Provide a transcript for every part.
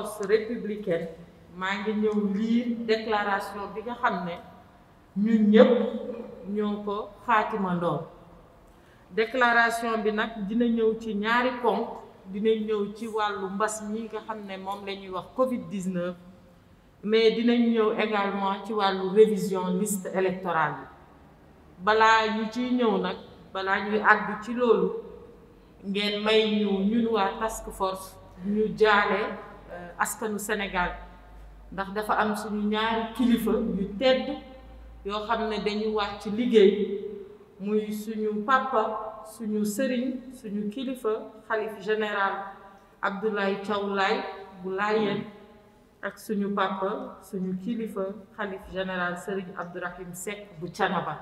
force républicaine maa ngi ñëw lii déclaration bi nga xam ne ñun ñëpp ñoo ko xaatimandoo déclaration bi nag dina ñëw ci ñaari ponk dina ñëw ci wàllu mbas ñi nga xam ne moom la ñuy wax Covid 19 mais dinañ ñëw également ci wàllu révision liste électorale bi balaa ñu ciy ñëw nag balaa ñuy àddu ci loolu ngeen may ñu ñun waa task force ñu jaale. askanu Sénégal ndax dafa am suñu ñaari kilifa yu tedd yoo xam ne dañuy wax ci liggéey muy suñu papa suñu sëriñ suñu kilifa xalif général Abdoulaye Thiaw Laye bu Laayeen ak suñu papa suñu kilifa xalif général sëriñ Abdourahim Seck bu Canaba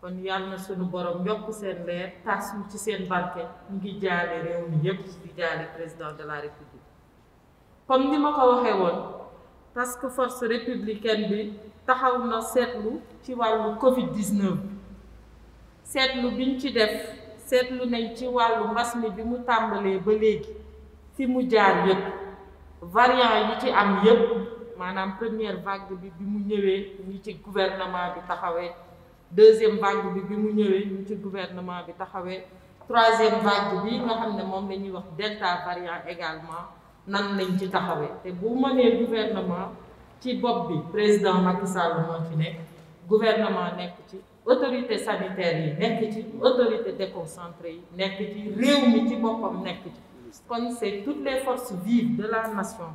kon yàlla na suñu borom yokk seen leer tas mu ci seen barke ñu ngi jaale réew mi yépp di jaale président de la république kon ni ma ko waxee woon parce que force républicaine bi taxaw na seetlu ci wàllu Covid 19 seetlu biñ ci def seetlu nañ ci wàllu mbas mi bi mu tàmbalee ba léegi fi mu jaar yëpp variant yi ci am yëpp maanaam première vague bi bi mu ñëwee ñi ci gouvernement bi taxawee deuxième vague bi bi mu ñëwee ñi ci gouvernement bi taxawee troisième vague bi nga xam ne moom la ñuy wax delta variant également. nan lañ ci taxawee te bu ma nee gouvernement ci bopp bi président Macky Sall moo ci nekk gouvernement nekk ci autorité sanitaire yi nekk ci autorité déconcentrée yi nekk ci réew mi ci boppam nekk ci kon c'est toutes les forces vives de la nation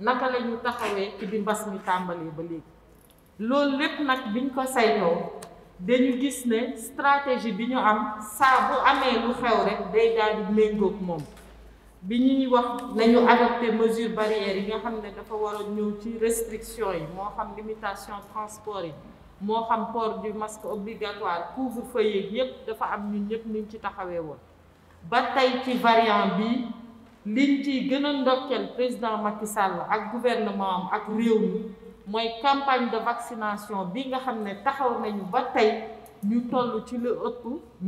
naka la ñu taxawee ci bi mbas mi tàmbalee ba léegi loolu lépp nag biñ ko saytoo dañu gis ne stratégie bi ñu am saa bu amee lu xew rek day daal di méngoog moom bi ñuy wax nañu adopté mesures barrières yi nga xam ne dafa war a ñëw ci restriction yi moo xam limitation transport yi moo xam port du masque obligatoire couvre-feu yeeg yépp dafa am ñun ñëpp ñu ci taxawee woon ba tey ci variant bi liñ ciy gën a ndokkeel président Macky sàll ak gouvernement ak réew mi mooy campagne de vaccination bi nga xam ne taxaw nañu ba tey ñu toll ci lu ëpp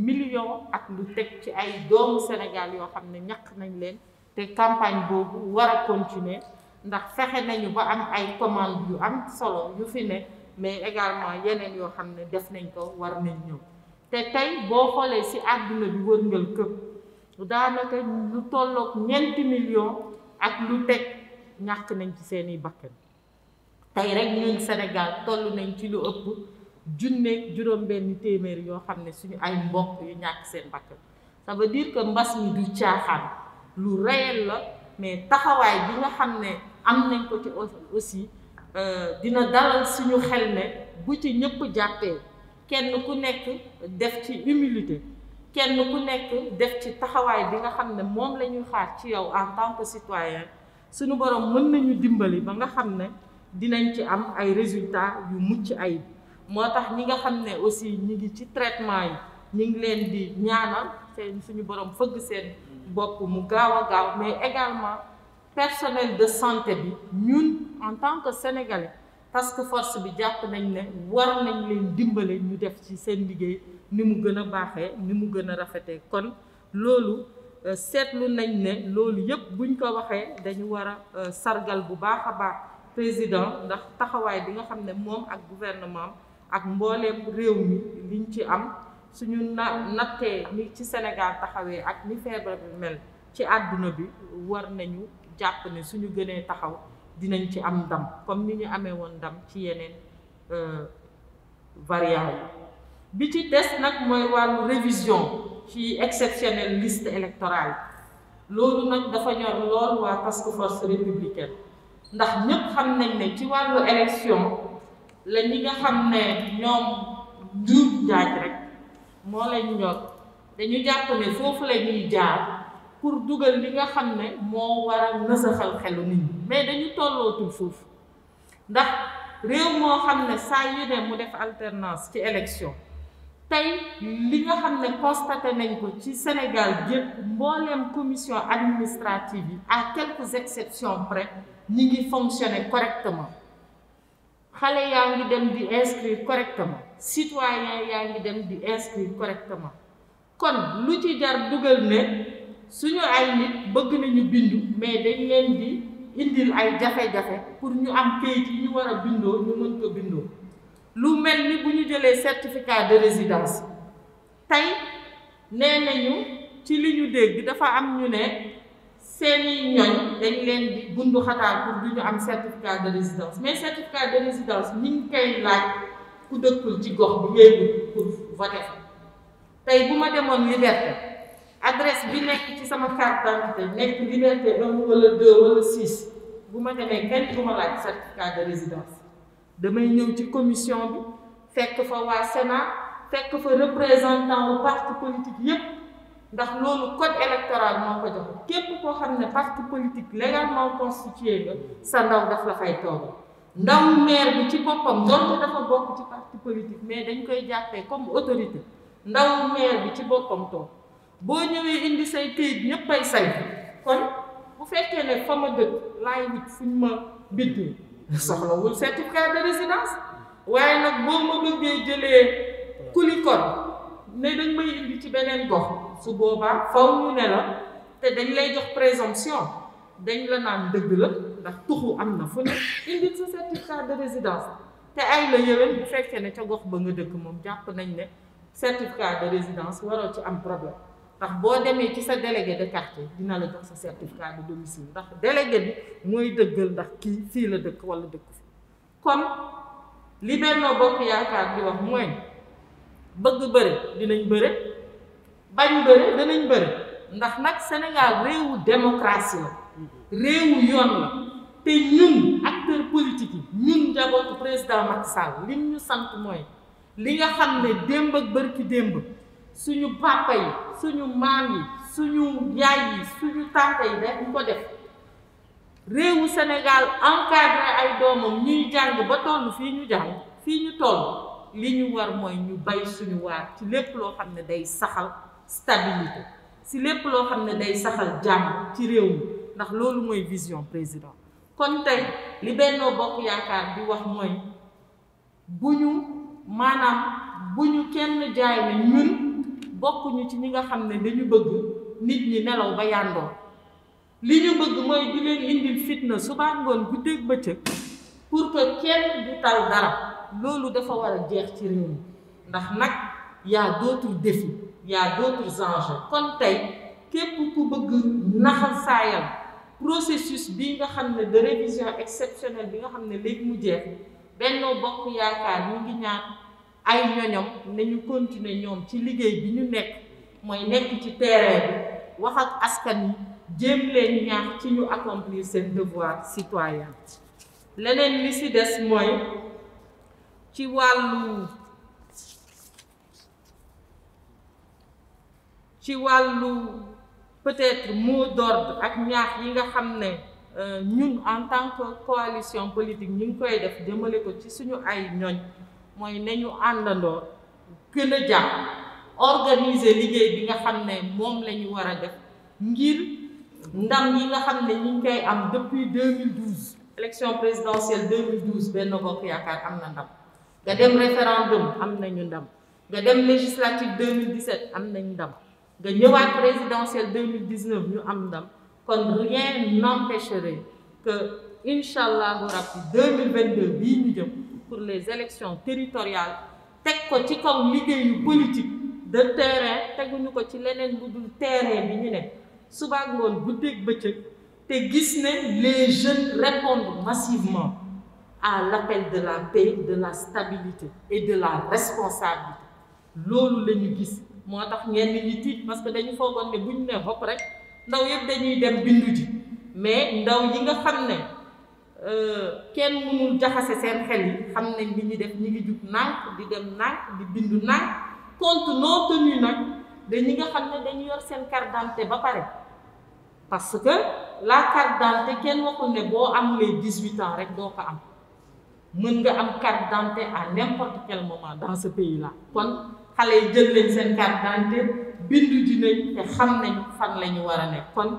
million ak lu teg ci ay doomu Sénégal yoo xam ne ñàkk nañ leen te campagne boobu war a continuer ndax fexe nañu ba am ay commande yu am solo yu fi ne mais également yeneen yoo xam ne def nañ ko war nañ ñëw te tey boo xoolee ci àdduna bi wërngal këpp daanaka lu tolloog ñeenti million ak lu teg ñàkk nañ ci seeni bakkan tey rek ñun Sénégal toll nañ ci lu ëpp junneeg juróom-benn téeméer yoo xam ne suñu ay mbokk yu ñàkk seen bakkan ça veut dire que mbas mi du caaxaan lu réel la mais taxawaay bi nga xam ne am nañ ko ci aussi euh, dina dalal suñu xel ne bu ci ñëpp jàppee kenn ku nekk def ci humilité kenn ku nekk def ci taxawaay bi nga xam ne moom la ñuy xaar ci yow en tant que citoyen suñu borom mën nañu dimbali ba nga xam ne dinañ ci am ay résultats yu mucc ayib. moo tax ñi nga xam ne aussi ñi ngi ci traitement yi ñu ngi leen di ñaanal seen suñu borom fëgg seen bopp mu gaaw a gaaw mais également personnel de santé bi ñun en tant que sénégalais parce que force bi jàpp nañ ne war nañ leen dimbale ñu def ci seen liggéey ni mu gën a baaxee ni mu gën a rafetee kon loolu euh, seetlu nañ ne loolu yëpp buñ ko waxee dañu war a euh, sargal bu baax a baax président ndax taxawaay bi nga xam ne moom ak gouvernement ak mbooleem réew mi liñ ci am suñu na nattee ni ci Sénégal taxawee ak ni feebar mel ci àdduna bi war nañu jàpp ne suñu gënee taxaw dinañ ci am ndam comme ni ñu amee woon ndam ci yeneen euh, variant bi ci des nag mooy wàllu révision ci exceptionnelle liste électorale loolu nag dafa ñor lool waa task force républicaine ndax ñëpp xam nañ ne ci wàllu élection la ñi nga xam ne ñoom juuj njaaj rek moo leen dañu jàpp foofu la ñuy jaar pour dugal li nga xam ne moo war a nësaxal xelu nit ñi mais dañu tollootul foofu ndax réew moo xam ne saa yu ne mu def alternance ci élection tey li nga xam ne constaté nañ ko ci Sénégal yëpp mbooleem commission administrative yi à quelques exceptions près ñi ngi fonctionner correctement xale yaa ngi dem di inscrire correctement citoyen yaa ngi dem di inscrire correctement kon lu ci jar dugal ne suñu ay nit bëgg nañu bindu mais dañ leen di indil ay jafe-jafe pour ñu am kayit yi ñu war a bindoo ñu mën ko bindoo lu mel ni bu ñu jëlee certificat de résidence tey nee nañu ci li ñu dégg dafa am ñu ne seeni ñoñ dañ leen di bundu xataal pour du ñu am certificat de résidence mais certificat de résidence ni ñu koy laaj ku dëkkul ci gox bi ngay pour voter tey bu ma demoon liberté adresse bi nekk ci sama carte d'identité nekk liberté un wala deux wala six bu ma demee kenn du ma laaj certificat de résidence damay ñëw ci commission bi fekk fa waa Sénat fekk fa représentant wu parti politique yépp ndax loolu code électoral moo ko jox képp koo xam ne parti politique légalement constitué la sa ndaw daf la fay toog ndaw maire bi ci boppam doonte dafa bokk ci parti politique mais dañ koy jàppee comme autorité ndaw maire bi ci boppam toog boo ñëwee indi say këyit ñëpp ay say kon bu fekkee ne fa ma dëkk laay wut fu ñu ma biddu soxlawul certificat de résidence waaye nag boo ma bëggee jëlee kulikon ne dañ may indi ci beneen gox su boobaa faw ñu ne la te dañ lay jox présomption dañ la naan dëgg la ndax tuxu am na fu ne indi sa certificat de résidence te ay la yëwén bu fekkee ne ca gox ba nga dëkk moom jàpp nañ ne certificat de résidence waroo ci am problème ndax boo demee ci sa délégué de quartier dina la jox sa certificat de domicile ndax délégué bi mooy dëggal ndax kii fii la dëkk wala dëkk fi kon li Benno Bokk Yaakaar di wax mooy bëgg bëri dinañ bëri bañ bëri danañ bëri ndax nag Sénégal réewu démocratie la réewu yoon la te ñun acteur politique yi ñun njabootu président Macky Sall li ñu sant mooy li nga xam ne démb ak bërki démb suñu papa yi suñu maam yi suñu yaay yi suñu tante yi dañ ko def réewu Sénégal encadré ay doomam ñuy jàng ba toll fii ñu jàng fii ñu toll li ñu war mooy ñu bay suñu waar ci lépp loo xam ne day saxal stabilité si lépp loo xam ne day saxal jàmm ci réew mi ndax loolu mooy vision président kon tey li Benno Bokk Yaakaar bi wax mooy bu ñu maanaam bu ñu kenn jaay ne ñun bokkuñu ci ñi nga xam ne dañu bëgg nit ñi nelaw ba yàndoor li ñu bëgg mooy di leen indil fitna suba ngoon guddeeg bëccëg pour que kenn du tal dara loolu dafa war a jeex ci réew mi ndax nag y a defi y'a d'autres enjeux kon tey képp ku bëgg naxal saayal processus bi nga xam ne de révision exceptionnelle bi nga xam ne léegi mu jeex Benno Bokk Yaakaar ñu ngi ñaan ay ñoñom nañu continuer ñoom ci liggéey bi ñu nekk mooy nekk ci terrain bi wax ak askan yi jéem leen ñaax ci ñu accomplir seen devoir citoyen leneen li ci des mooy ci wàllu ci wàllu peut-être mot d'ordre ak ñaax yi nga xam ne euh, ñun en tant que coalition politique ñu ngi koy def jëmale ko ci suñu ay ñoñ mooy nañu àndandoo gën a jàpp organiser liggéey bi nga xam ne moom la ñu war a def ngir ndam yi nga xam ne ñu ngi koy am depuis 2012 élection présidentielle 2012 Benno Bokk Yaakaar am na ndam nga dem référendum am nañu ndam nga dem législative 2017 am nañu ndam nga ñëwaat présidentielle 2019 ñu am ndam kon rien n'empêcherait que incha allahu rabbi 2022 bii ñu jëm pour les élections territoriales teg ko ci kaw liggéeyu politique de terrain teguñu ko ci leneen lu dul terrain bi ñu ne subaak ngoon guddeeg bëccëg te gis ne les jeunes répondent massivement à l'appel de la paix de la stabilité et de la responsabilité loolu la ñu gis moo tax ñenn ñi tiit parce que dañu foogoon ne buñ ne xopp rek ndaw yëpp dañuy dem bindu mais ndaw yi nga xam ne euh, kenn mënul jaxase seen xel yi xam nañ li ñu def ñu ngi jug nànk di dem nànk di bindu nànk compte non tenu nag ñi nga xam ne dañu yor seen carte d'identité ba pare parce que la carte d'identité kenn waxul ne boo amulee dix-huit ans rek doo ko am mën nga am carte d'identité à n'importe quel moment dans ce pays là kon xale yi jël lañ seen carte d'identité bindu ji nañ te xam nañ fan la ñu war a nekkoon